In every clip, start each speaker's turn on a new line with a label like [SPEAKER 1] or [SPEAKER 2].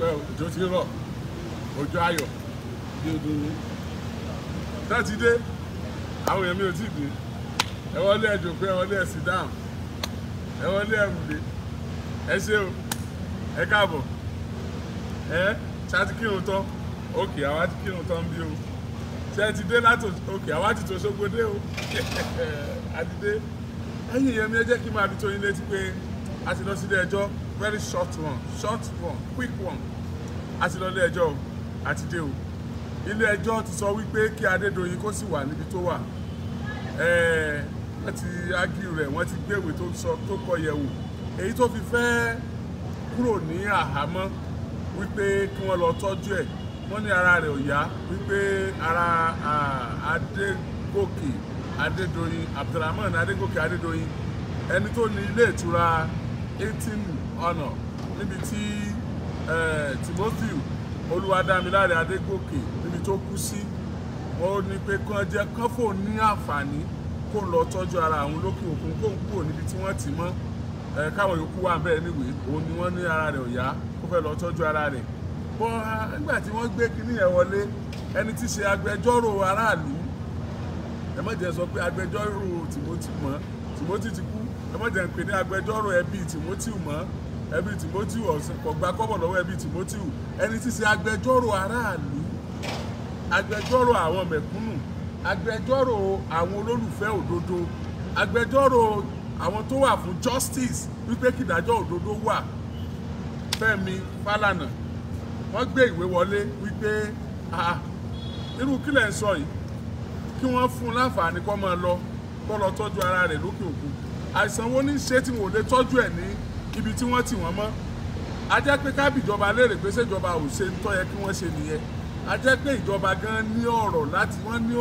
[SPEAKER 1] pẹ́ òjò ti rọ̀ òjò ayọ̀ bí odò ní. tẹ́tí dé àwọn èèyàn mi ò tí ì dé ẹ wọlé ẹ jòkó ẹ wọlé ẹ sì dáhùn ẹ wọlé ẹ wùdé ẹ ṣé o ẹ káàbọ̀ ẹ ṣáàtì kírun tán òkè àwa ti kírun tán bí o ṣé ẹ ti dé látò òkè àwa ti tó ṣogbodé o àdìdé ẹ̀yin èèyàn mi ẹ jẹ́ kí n máa fi tó yín létí pé a ti lọ sílé ẹjọ́ very short one short one quick one a ti lọ ilé ẹjọ́ àti dé o ilé ẹjọ́ ti sọ wípé kí Adédoyin kó sì wà níbi tó wà wọ́n ti ágìrì rẹ̀ wọ́n ti gbéwèé tó sọ tó kọ yẹ̀wò èyí tó fi fẹ́ kúrò ní àhámọ́ wípé kí wọ́n lọ tọ́jú ẹ̀ wọ́n ní ara rẹ̀ ò yá wípé ara Adégòkè Adédoyin Abdulrahman Adégòkè Adédoyin ẹni tó ní ilé ìtura eighteen ọ̀nà níbi tí Eh, Timothy Olúwadámiláre Adégòkè níbi tó kú sí wọ́n ní pé kán jẹ́ kán fò ní àǹfààní kó lọ tọ́jú ara àwọn lókè òkun kó ń kúrò níbi tí wọ́n ti mọ́ eh, káwọn yòókù wà bẹ́ẹ̀ níwèé òun ni wọ́n ní ara rẹ̀ ò yá kó fẹ́ lọ tọ́jú ara rẹ̀ bọ́n nígbà tí wọ́n gbé kinní yẹn wọlé ẹni tí ṣe agbẹjọ́rò aráàlú ẹ má jẹ́ sọ pé agbẹjọ́rò Timothy mọ́ Timothy ti kú ẹ má jẹ́ ń ní agbẹjọ́rò ẹbí Timothy mọ́ ẹbí Timothy kò gba kọ́bọ̀ lọ́wọ́ ẹbí Timothy ẹni tí ṣe agbẹjọ́rò aráàlú agbẹjọ́rò àwọn mẹ̀kúnnù agbẹjọ́rò àwọn olólùfẹ́ òdodo agbẹjọ́rò àwọn tó wà fún justice wípé kìdájọ́ òdodo wà Fẹ́mi Fálànà wọ́n gbé ìwé wọlé wípé irú kílẹ̀ ń sọ yìí kí wọ́n fún un láǹfààní kó máa lọ kó lọ tọ́jú ara rẹ̀ lókè òkun àìsàn wo ní ṣe tí wọn ò lè tọ́jú ẹ̀ ní ibi tí wọ́n tì wọ́n mọ́ a jẹ́ pé kábìjọba léèrè pé ṣèjọba ò ṣe ń tọ́ yẹ kí wọ́n ṣe nìyẹn a jẹ́ pé ìjọba gan ní ọ̀rọ̀ láti wọ́n ní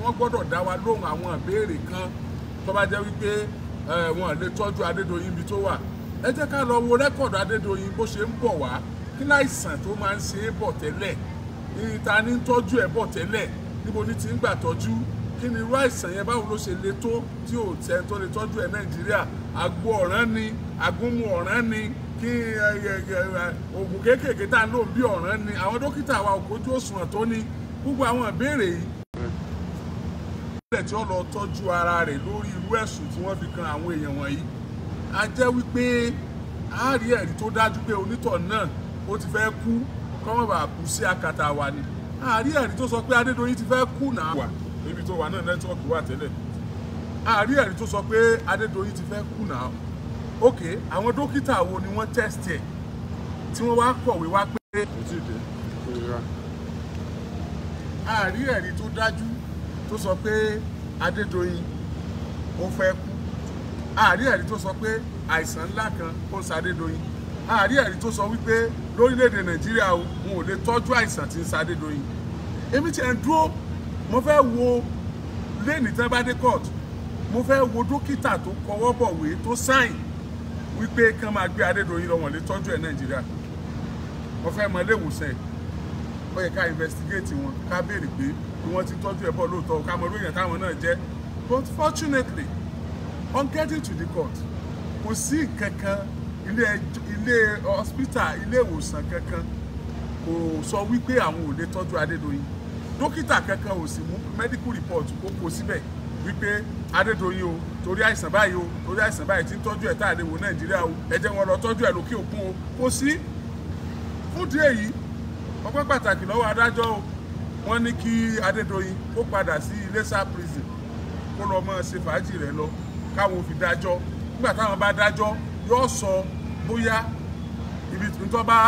[SPEAKER 1] wọ́n gbọ́dọ̀ dá wa lóhùn àwọn ìbéèrè kan tó bá jẹ́ wípé wọn lè tọ́jú Adédoyin ibi tó wà ẹ jẹ́ ká lọ wo rẹ́kọ̀dù Adédoyin bó ṣe ń bọ̀ wá kí láìsàn tó máa ń ṣe é bọ̀ tẹ́lẹ̀ ìta ní tọ́jú ẹ̀ bọ̀ tẹ́lẹ̀ níbo ni ti ń gbà tọ́jú kí ni irú àìsàn yẹn báwo ló ṣe le tó tí ò tẹ tó lè tọ́jú ẹ̀ nàìjíríà àgbo ọ̀ràn ni àgúnmu ọ̀ràn ni kí oògùn kéékèèké tá a lò bí ọ̀ràn ni àwọn dókítà wa òkójú òṣùwọ̀n tó ní gbogbo àwọn ìbéèrè yìí ìpínlẹ̀ tí ó lọ tọ́jú ara rẹ̀ lórí irú ẹ̀sùn tí wọ́n fi kan àwọn èèyàn wọ̀nyí a jẹ́ wípé a rí ẹ̀rí tó dájú pé onítọ̀ náà ó ti fẹ́ kú kọ́mọ̀bà kù sí akàtà ni a rí ẹ̀rí tó sọ pé Adédoyin ti fẹ́ kú náà níbi tó wà náà nẹ́tíwọ́ọ̀kì wà tẹ́lẹ̀ àárí ẹ̀rí tó sọ pé Adédoyin ti fẹ́ kú náà ok àwọn dókítà wo ni wọ́n test ẹ̀ tí wọ́n wá kọ̀wé wá pé. àárí ẹ̀rí tó dájú tó sọ pé Adédoyin ó fẹ́ kú àárí ẹ̀rí tó sọ pé àìsàn ńlá kan ó ń ṣàdédoyin àárí ẹ̀rí tó sọ wípé lórílẹ̀‐èdè Nàìjíríà òun ò lè tọ́jú àìsàn tí ń ṣàdédoyin èmi tiẹ̀ ń dúró mo fẹ́ wo lẹ́ni tí wọ́n bá dé court mo fẹ́ wo dókítà tó kọwọ́ bọ̀wé tó sáìn wípé kán máa gbé Adédoyin lọ́wọ́n lè tọ́jú ẹ̀ Nàìjíríà mo fẹ́ mọ ilé ẹ̀ ó yẹ ká investigate wọn ká béèrè pé bí wọ́n ti tọ́jú ẹ̀ bọ̀ lóòótọ́ ká mọ irú èèyàn táwọn náà jẹ́ but fortunately on getting to the court kò sí kankan ilé ilé hospital ilé ìwòsàn kankan kò sọ wípé àwọn ò lè tọ́jú Adédoyin dókítà kankan ò sì mú medical report ó kó síbẹ̀ wípé Adédoyin o torí àìsàn báyìí o torí àìsàn báyìí tí ń tọ́jú ẹ̀ tá à lè wò Nàìjíríà o ẹ jẹ́ wọn lọ tọ́jú ẹ̀ lókè òkun o kò sí fúdìí èyí ọpẹ́ pàtàkì lọ́wọ́ adájọ́ o wọ́n ní kí Adédoyin kó padà sí Iléṣà prison kó lọ mọ́ ṣe fàájì rẹ̀ lọ káwọn fi dájọ́ nígbà táwọn bá dájọ́ yóò sọ bóyá ibi tó bá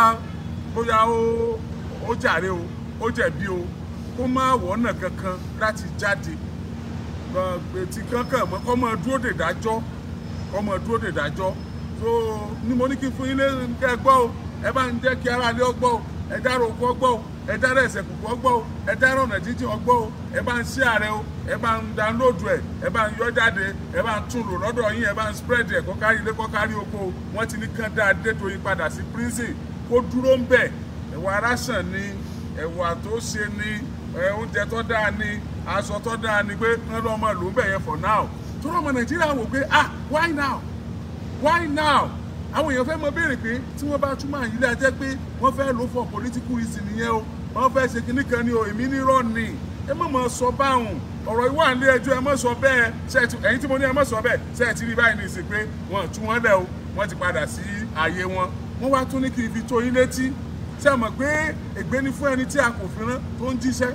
[SPEAKER 1] bóyá ó jàre o ó jẹ̀bi o kó má wọ̀ ọ̀nà kankan láti jáde gbètì kankan mọ́ kó máa dúró dè dájọ́ máa dúró dè dájọ́ tó ní mo ní kí n fún yín o ẹ bá ń jẹ́ o ẹ dára oko ọgbọ́ o ẹ dára ẹsẹ̀ ọgbọ́ o ẹ dára ọ̀nà jíjìn ọgbọ́ o ẹ bá ń ṣí ààrẹ o ẹ bá ń dánlóòdù ẹ ẹ bá ń yọ jáde ẹ bá ń tún lò lọ́dọ̀ yín ẹ spread ẹ kọ́kárí ilé kọ́kárí oko wọ́n ti ní kán dáa yín padà sí prison kó dúró oúnjẹ tó dáa ni aṣọ tó dáa ni pé wọ́n lọ́ mọ̀ ló ń for now tó rọ̀ ọmọ nàìjíríà wò pé ah why now why now àwọn èèyàn fẹ́ mọ béèrè pé tí wọ́n bá túmọ̀ àyílé ajẹ́ pé wọ́n fẹ́ lò for political reason nìyẹn o wọ́n fẹ́ ṣe kinní kan ni o èmi nírọ̀ ni ẹ mọ̀ mọ̀ sọ báwọn ọ̀rọ̀ ìwà ilé ẹjọ́ ẹ mọ̀ sọ bẹ́ẹ̀ ẹ̀yin tí mo ní ẹ mọ̀ sọ bẹ́ẹ̀ ṣe ti rí báyìí ní ìsìn pé wọ́n tú wọn lẹ̀ o wọ́n ti padà sí ààyè wọn wọ́n wá tún ní kí n fi tó yín létí ṣe mọ̀ pé ègbé ni fún ẹni tí a kò fi rán tó ń jíṣẹ́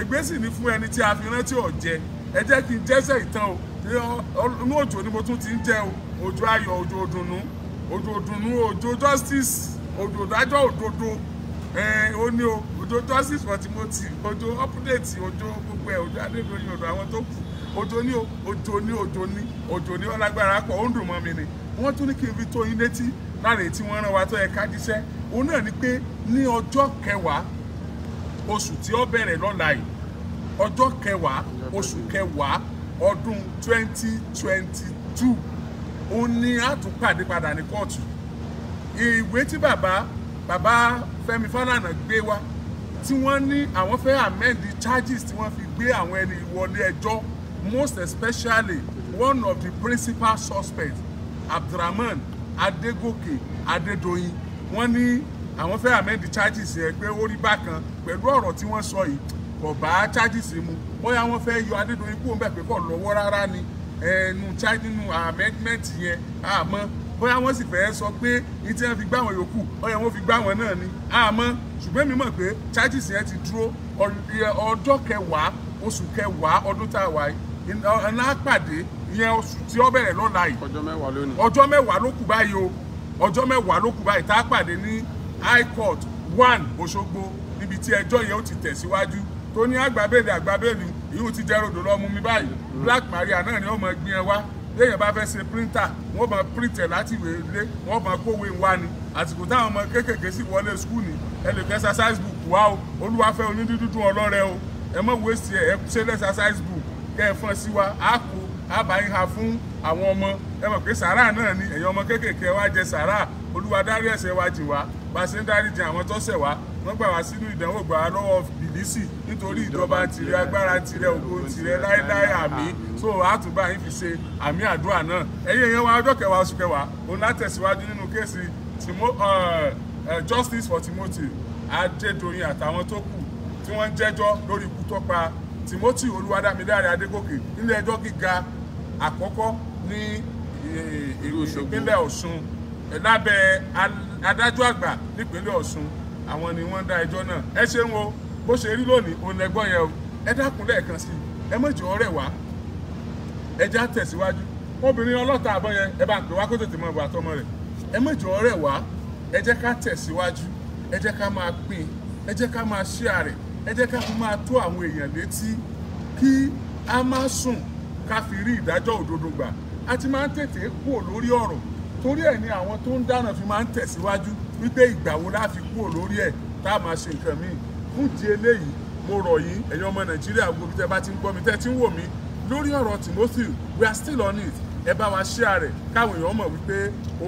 [SPEAKER 1] ègbé sì ni fún ẹni tí a fi rán tí ò jẹ ẹ jẹ́ kí n jẹ́sẹ̀ ìtàn o inú òjò ni mo tún ti ń jẹ o òjò ayọ̀ òjò òdùnnú òjò òdùnnú òjò justice òjò òdájọ́ òdodo ó ní o òjò justice for Timothy òjò update òjò gbogbo ẹ̀ òjò adédọ̀yìn òdò àwọn tó kù òjò ní o òjò ní òjò ní òjò ní ọlágbára pọ̀ ó ń dùn mọ́ mi ni wọ́n tún ní kí n fi tó yín létí láàrin tí wọ́n rán wa tó yẹ ká jíṣẹ́ òun náà ni pé ní ọjọ́ kẹwàá oṣù tí ó bẹ̀rẹ̀ lọ́la yìí ọjọ́ kẹwàá oṣù kẹwàá ọdún 2022 òun ni a tún pàdé padà ní kóòtù ìwé tí bàbá bàbá Fẹ́mi Fálànà gbé wá tí wọ́n ní àwọn fẹ́ amend charges tí wọ́n fi gbé àwọn ẹni wọlé ẹjọ́ most especially one of the principal suspects Abdulrahman Adegoke Adedoyin wọ́n ní àwọn fẹ́ amend charges yẹn pé ó rí bákan pẹ̀lú ọ̀rọ̀ tí wọ́n sọ yìí kò bá charges mu bóyá wọ́n fẹ́ yọ Adédoyin kúrò ńbẹ̀ pé kò lọ́wọ́ rárá ni ẹnu charge nínú amendment yẹn àmọ́ bóyá wọ́n sì fẹ́ sọ pé ní tí wọ́n fi gbá wọn yòókù ọyọ wọn fi gbá wọn náà ni àmọ́ ṣùgbọ́n mi mọ̀ pé charges yẹn ti dúró ọjọ́ kẹwàá oṣù kẹwàá ọdún tá a wà yìí ńlá pàdé ìyẹn oṣù tí ó bẹ̀rẹ̀ lọ́la yìí ọjọ́ mẹ́wàá ló kù báyìí o ọjọ́ mẹ́wàá ló kù báyìí tá a pàdé ní high court one Òṣogbo níbi tí ẹjọ́ yẹn ó ti tẹ̀síwájú tó ní àgbàbẹ́ẹ̀lì àgbàbẹ́ẹ̀lì ìhùn ti jẹ́rọ̀dọ̀ lọ́mú mi báyìí mm. Black Maria náà ni ó máa gbin ẹ wá léèyàn bá fẹ́ ṣe píríntà wọ́n máa píríntẹ̀ láti ìwé ilé wọ́n máa kówé wá ni àsìkò táwọn ọmọ kéékèèké sì wọlé skul ni ẹ lè fẹ́ exercise book wá o olúwafẹ́ onídúdúdú ọlọ́rẹ́ o ẹ mọ̀ wéṣì ẹ ṣe exercise book kẹ́ ẹ fọ́n sí wa á a bá yín ha fún àwọn ọmọ ẹ mọ̀ pé sàárà náà ni ẹ̀yin ọmọ kéékèèké wa jẹ sàárà olúwa dárí ẹ̀ṣẹ̀ wa jì wá bá a ṣe ń dáríjì àwọn tó ṣẹ̀ wá wọ́n gbà wá sínú ìdánwò gbà wá lọ́wọ́ bìlísì nítorí ìjọba tìrẹ agbára tìrẹ ògo tìrẹ láéláé àmín so àtúbà yín fi ṣe àmì àdúrà náà ẹ̀yin èèyàn wa ọjọ́ kẹwàá oṣù kẹwàá òun látẹ̀síwájú nínú kéèsì justice for Timothy Adédoyin àtàwọn tó kù tí wọ́n ń jẹ́jọ́ lórí ikú tó pa Timothy Olúwadámiláre Adégòkè nílé ẹjọ́ gíga àkọ́kọ́ ní eh, ìpínlẹ̀ Ọ̀ṣun lábẹ́ adájọ́ àgbà nípínlẹ̀ Ọ̀ṣun àwọn ni wọ́n dá ẹjọ́ náà ẹ ṣeun o bó ṣe rí lónìí òun lẹ́gbọ́n yẹn o ẹ dákun lẹ́ẹ̀kan sí i ẹ mọ̀jọ́ ọ̀rẹ́ wa ẹ já tẹ̀síwájú obìnrin ọlọ́ta àbọ̀ yẹn ẹ bá ń pè wá kó tètè mọ ìwà àtọmọ rẹ̀ ẹ mọ̀jọ́ ọ̀rẹ́ wa ẹ jẹ́ ká tẹ̀síwájú ẹ jẹ́ ká máa pín ẹ jẹ́ ká máa ṣíà rẹ̀ ẹ jẹ́ ká fi máa tó àwọn èèyàn létí kí a má sùn ká fi rí ìdájọ́ òdodo gbà a ti máa ń tètè kúrò lórí ọ̀rọ̀ torí ẹ̀ ni àwọn tó ń dáná fi máa ń tẹ̀síwájú wípé ìgbà wo la fi kúrò lórí ẹ̀ tá a máa ṣe nǹkan míì fún di eléyìí mo rọ̀ yín ẹ̀yin ọmọ nàìjíríà gbogbo tẹ́ bá ti ń gbọ́ mi tẹ́ ti ń wò mí lórí ọ̀rọ̀ Timothy we are still on it ẹ bá wa ṣíà rẹ̀ káwọn èèyàn mọ̀ wípé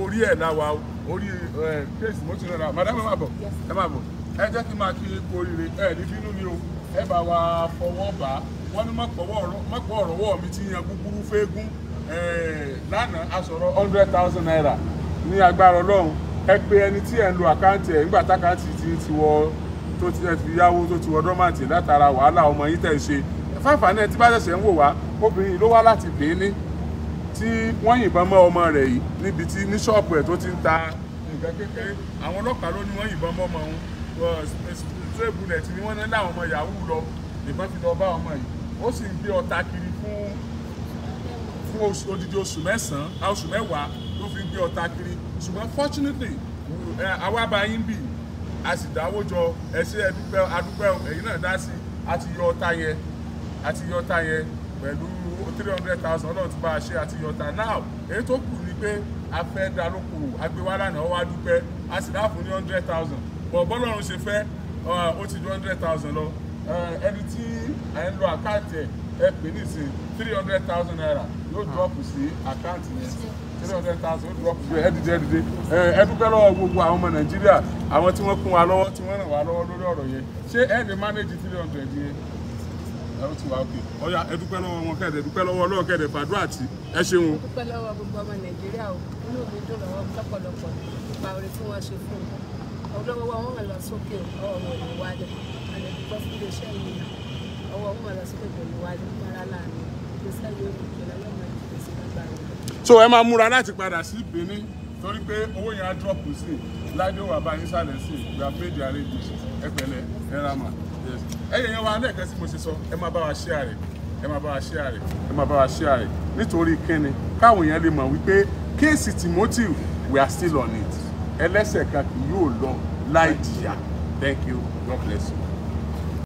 [SPEAKER 1] orí ẹ̀ la wa orí ẹ̀ kéèsì mo ti rẹ̀ ra madam ẹ má bọ̀ ẹ má bọ̀ ẹ jẹ́ kí n máa kí n kú oríire ẹ̀ ní bínú ni o ẹ bá wa fọwọ́ bá wọ́n ní mọ́pọ̀ ọ̀rọ̀ wọ̀ mi ti yan gúgúrú fẹ́ẹ́gún lánàá a sọ̀rọ̀ hundred thousand naira ní agbára ọlọ́run ẹ pé ẹni tí ẹ̀ ń lo àkáǹtì ẹ̀ nígbà tákáǹtì ti ti wọ tó ti ẹ̀ fi yáwó tó ti wọ dọ́màǹtì látara wàhálà ọmọ yìí tẹ̀ ṣe fáfàánà ẹ̀ tí bá ṣẹ̀ṣẹ̀ ń wò wá obìnrin ló wá láti bèéní tí wọ́n yìnbọn mọ́ ọmọ rẹ̀ yìí níbi tí ní ṣọ́ọ̀bù ẹ̀ tó ti ń ta nǹkan kékeré àwọn ọlọ́pàá ló ní wọ́n yìnbọn mọ́ ọmọ òun straight bullet ni wọ́n ní láwọn ọmọ yahoo lọ nìkan fi lọ bá ọmọ yìí ó sì ń gbé ọta kiri fún fún odidi oṣù mẹ́sàn-án oṣù mẹ́wàá ló fi ń gbé ọta kiri ṣùgbọ́n fortunately àwa bá yín bì a sì dáwó jọ ẹ ṣe ẹdúpẹ́ adúpẹ́ ẹ̀yin náà dá sí a ti yọ ọta yẹn a ti yọ ọta yẹn pẹ̀lú three hundred thousand ọlọ́run ti bá a ṣe àti yọta now èyí tó kù ni pé a fẹ́ darúkọ agbéwálànà ọwọ́ adúpẹ́ a sì dáàfún ní hundred thousand but bọ́lọ́run ṣe fẹ́ uh, ó ti ju hundred thousand lọ uh, ẹni tí ẹ̀ ń lo àkáǹtì ẹ pè ní ìsìn three hundred thousand naira yóò ah. drop sí àkáǹtì yẹn three hundred thousand yóò drop sí ẹdìdẹ ẹdìdẹ ẹ lọ́wọ́ gbogbo àwọn ọmọ nàìjíríà àwọn tí wọ́n kún wa lọ́wọ́ tí wọ́n ràn wá lọ́wọ́ lórí ọ̀rọ̀ yẹn ṣé ẹ manage three hundred yẹn ẹ̀rọ ti wà ókè ọ̀yà ẹ lọ́wọ́ wọn kẹ́ẹ̀dẹ̀ dúpẹ́ lọ́wọ́ ọlọ́wọ́ kẹ́ẹ̀dẹ̀ fàdúrà tí ẹ ṣeun. dúpẹ́ lọ́wọ́ gbogbo ọmọ nàìjíríà o inú mi dùn lọ́wọ́ lọ́pọ̀lọpọ̀ ìgbà tí wọ́n ṣe fún un olówó wa wọn lọ sókè ọwọ́ wọn ò ní wálé àlẹ púpọ̀ fún iléeṣẹ́ yìí náà ọwọ́ wọn lọ sókè kò ní wálé fún láàánú iléeṣẹ́ yìí ò ní kí máa ń jìbìtì lágbára wọn. so ẹ máa múra láti padà sí Benin torí pé owó yẹn á drop sí i ládé wà bá yín sálẹ̀ sí i gba méjì àlejò ẹ pẹ̀lẹ́ ẹ ra mà ẹyẹ yẹn wa lẹ́ẹ̀kan sí mo ṣe sọ ẹ máa bá wa share rẹ̀ ẹ máa bá wa share rẹ̀ ẹ máa bá wa share rẹ̀ nítorí kíni káwọn èèyàn lè mọ̀ wípé kéèsì Timothy we are still on it ẹlẹ́ṣẹ̀ kan kì yóò lọ láì jìyà thank you god bless you.